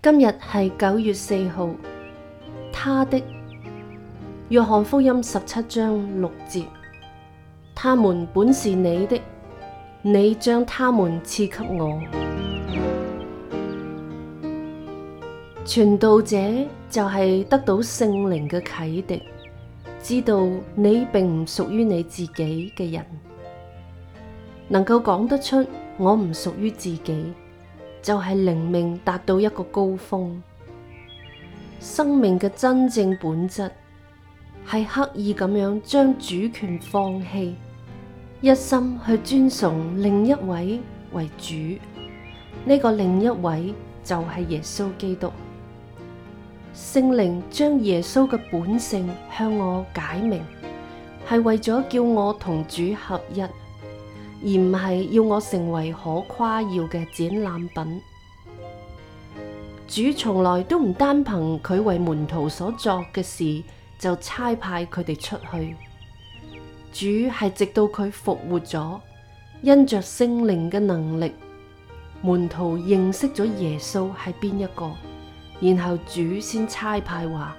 今日係九月四號，他的約翰福音十七章六節，他們本是你的，你將他們賜給我。傳道者就係得到聖靈嘅啟迪，知道你並唔屬於你自己嘅人，能夠講得出我唔屬於自己。就係靈命達到一個高峰，生命嘅真正本質係刻意咁樣將主權放棄，一心去尊崇另一位為主，呢個另一位就係耶穌基督。聖靈將耶穌嘅本性向我解明，係為咗叫我同主合一。而唔係要我成為可誇耀嘅展覽品。主從來都唔單憑佢為門徒所作嘅事，就差派佢哋出去。主係直到佢復活咗，因着聖靈嘅能力，門徒認識咗耶穌係邊一個，然後主先差派話，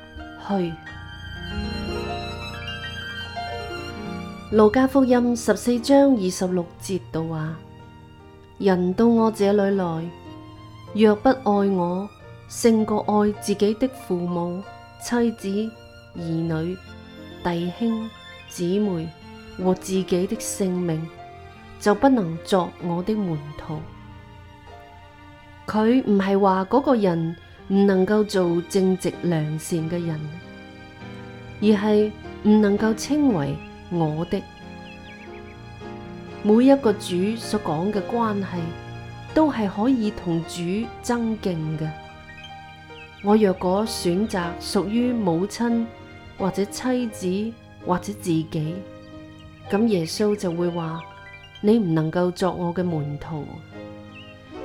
去。路加福音十四章二十六節度話：人到我這裏來，若不愛我，勝過愛自己的父母、妻子、兒女、弟兄、姊妹和自己的性命，就不能作我的門徒。佢唔係話嗰個人唔能夠做正直良善嘅人，而係唔能夠稱為。我的每一個主所講嘅關係，都係可以同主爭競嘅。我若果選擇屬於母親或者妻子或者自己，咁耶穌就會話：你唔能夠作我嘅門徒。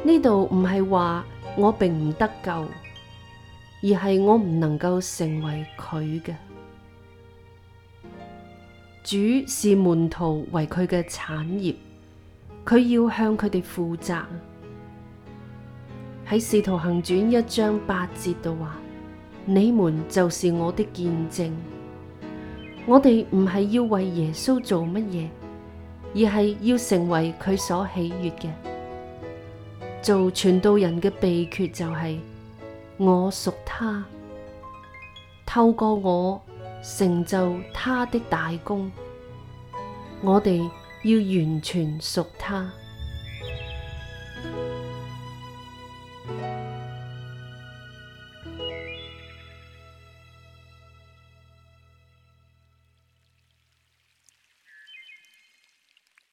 呢度唔係話我並唔得救，而係我唔能夠成為佢嘅。主是門徒為佢嘅產業，佢要向佢哋負責。喺《使徒行傳》一章八節度話：你們就是我的見證。我哋唔係要為耶穌做乜嘢，而係要成為佢所喜悅嘅。做傳道人嘅秘訣就係、是、我屬他，透過我。成就他的大功，我哋要完全屬他。